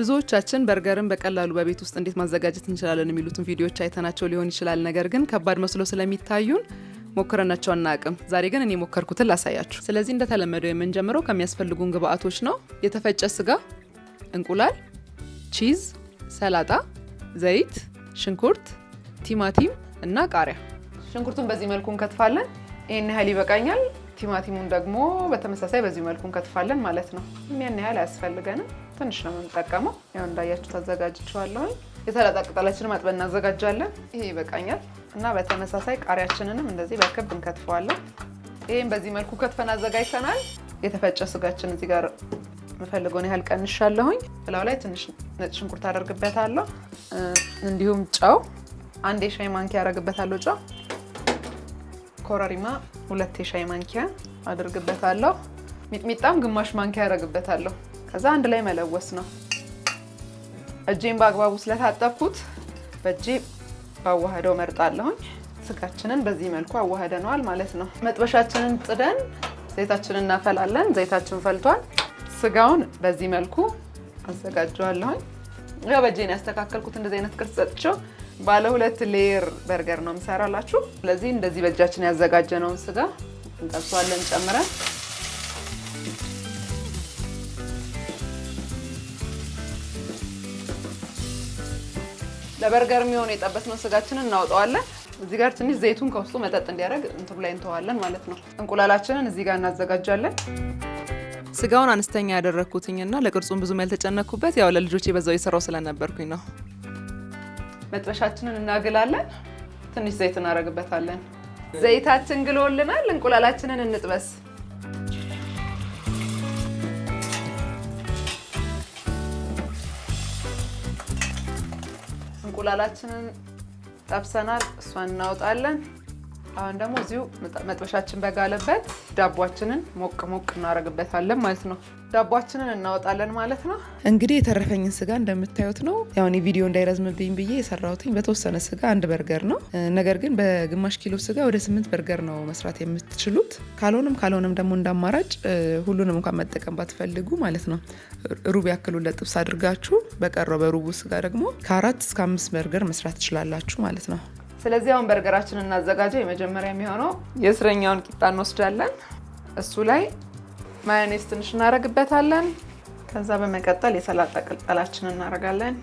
ብዙዎቻችን በርገርን በቀላሉ በቤት ውስጥ እንዴት ማዘጋጀት እንችላለን የሚሉትን ቪዲዮዎች አይተናቸው ሊሆን ይችላል። ነገር ግን ከባድ መስሎ ስለሚታዩን ሞክረናቸው አናቅም። ዛሬ ግን እኔ ሞከርኩትን ላሳያችሁ። ስለዚህ እንደተለመደው የምንጀምረው ከሚያስፈልጉን ግብአቶች ነው። የተፈጨ ስጋ፣ እንቁላል፣ ቺዝ፣ ሰላጣ፣ ዘይት፣ ሽንኩርት፣ ቲማቲም እና ቃሪያ። ሽንኩርቱን በዚህ መልኩ እንከትፋለን። ይህን ያህል ይበቃኛል። ቲማቲሙን ደግሞ በተመሳሳይ በዚህ መልኩ እንከትፋለን ማለት ነው። ያን ያህል አያስፈልገንም፣ ትንሽ ነው የምንጠቀመው። ያው እንዳያችሁ ታዘጋጅችዋለሁኝ። የሰላጣ ቅጠላችንን ማጥበን እናዘጋጃለን። ይሄ ይበቃኛል እና በተመሳሳይ ቃሪያችንንም እንደዚህ በክብ እንከትፈዋለን። ይህም በዚህ መልኩ ከትፈን አዘጋጅተናል። የተፈጨ ስጋችን እዚህ ጋር የምፈልገውን ያህል ቀንሻለሁኝ። ብላው ላይ ትንሽ ነጭ ሽንኩርት አደርግበታለሁ። እንዲሁም ጨው አንድ የሻይ ማንኪያ አደርግበታለሁ ጨው ኮረሪማ ሁለት የሻይ ማንኪያ አድርግበታለሁ። ሚጥሚጣም ግማሽ ማንኪያ ያደርግበታለሁ። ከዛ አንድ ላይ መለወስ ነው። እጄን በአግባቡ ስለታጠብኩት በእጄ ባዋህደው መርጣለሁኝ። ስጋችንን በዚህ መልኩ አዋህደነዋል ማለት ነው። መጥበሻችንን ጥደን ዘይታችንን እናፈላለን። ዘይታችን ፈልቷል። ስጋውን በዚህ መልኩ አዘጋጀዋለሁኝ። ያው በእጄን ያስተካከልኩት እንደዚህ አይነት ቅርጽ ሰጥቼው ባለ ሁለት ሌየር በርገር ነው የምሰራላችሁ። ስለዚህ እንደዚህ በእጃችን ያዘጋጀነውን ስጋ እንጠብሰዋለን ጨምረን ለበርገር የሚሆን የጠበስነው ስጋችንን እናውጠዋለን። እዚህ ጋር ትንሽ ዘይቱን ከውስጡ መጠጥ እንዲያደርግ እንትኑ ላይ እንተዋለን ማለት ነው። እንቁላላችንን እዚህ ጋር እናዘጋጃለን። ስጋውን አነስተኛ ያደረግኩትኝና ለቅርጹም ብዙም ያልተጨነኩበት ያው ለልጆች በዛው የሰራው ስለነበርኩኝ ነው። መጥበሻችንን እናግላለን። ትንሽ ዘይት እናደርግበታለን። ዘይታችን ግሎልናል። እንቁላላችንን እንጥበስ። እንቁላላችንን ጠብሰናል። እሷን እናወጣለን። አሁን ደግሞ እዚሁ መጥበሻችን በጋለበት ዳቧችንን ሞቅ ሞቅ እናደርግበታለን ማለት ነው። ዳቧችንን እናወጣለን ማለት ነው። እንግዲህ የተረፈኝን ስጋ እንደምታዩት ነው። ያሁን ቪዲዮ እንዳይረዝምብኝ ብዬ የሰራሁትኝ በተወሰነ ስጋ አንድ በርገር ነው። ነገር ግን በግማሽ ኪሎ ስጋ ወደ ስምንት በርገር ነው መስራት የምትችሉት። ካልሆንም ካልሆንም ደግሞ እንዳማራጭ ሁሉንም እንኳን መጠቀም ባትፈልጉ ማለት ነው ሩብ ያክሉን ለጥብስ አድርጋችሁ በቀረው በሩቡ ስጋ ደግሞ ከአራት እስከ አምስት በርገር መስራት ትችላላችሁ ማለት ነው። ስለዚህ አሁን በርገራችን እናዘጋጀው። የመጀመሪያ የሚሆነው የእስረኛውን ቂጣ እንወስዳለን። እሱ ላይ ማዮኔዝ ትንሽ እናደርግበታለን። ከዛ በመቀጠል የሰላጣ ቅልጠላችን እናደርጋለን።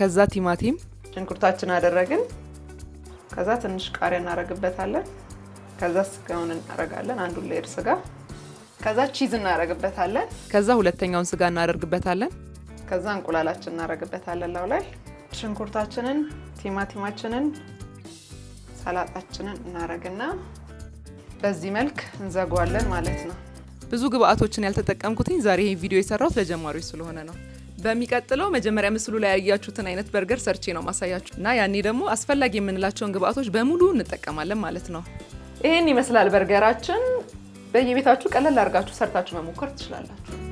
ከዛ ቲማቲም ሽንኩርታችን አደረግን። ከዛ ትንሽ ቃሪያ እናደርግበታለን። ከዛ ስጋውን እናደርጋለን፣ አንዱን ሌየር ስጋ። ከዛ ቺዝ እናደርግበታለን። ከዛ ሁለተኛውን ስጋ እናደርግበታለን። ከዛ እንቁላላችን እናደርግበታለን ላው ላይ ሽንኩርታችንን፣ ቲማቲማችንን፣ ሰላጣችንን እናረግና በዚህ መልክ እንዘጓለን ማለት ነው። ብዙ ግብአቶችን ያልተጠቀምኩትኝ ዛሬ ይህ ቪዲዮ የሰራሁት ለጀማሪዎች ስለሆነ ነው። በሚቀጥለው መጀመሪያ ምስሉ ላይ ያያችሁትን አይነት በርገር ሰርቼ ነው ማሳያችሁ እና ያኔ ደግሞ አስፈላጊ የምንላቸውን ግብአቶች በሙሉ እንጠቀማለን ማለት ነው። ይህን ይመስላል በርገራችን። በየቤታችሁ ቀለል አድርጋችሁ ሰርታችሁ መሞከር ትችላላችሁ።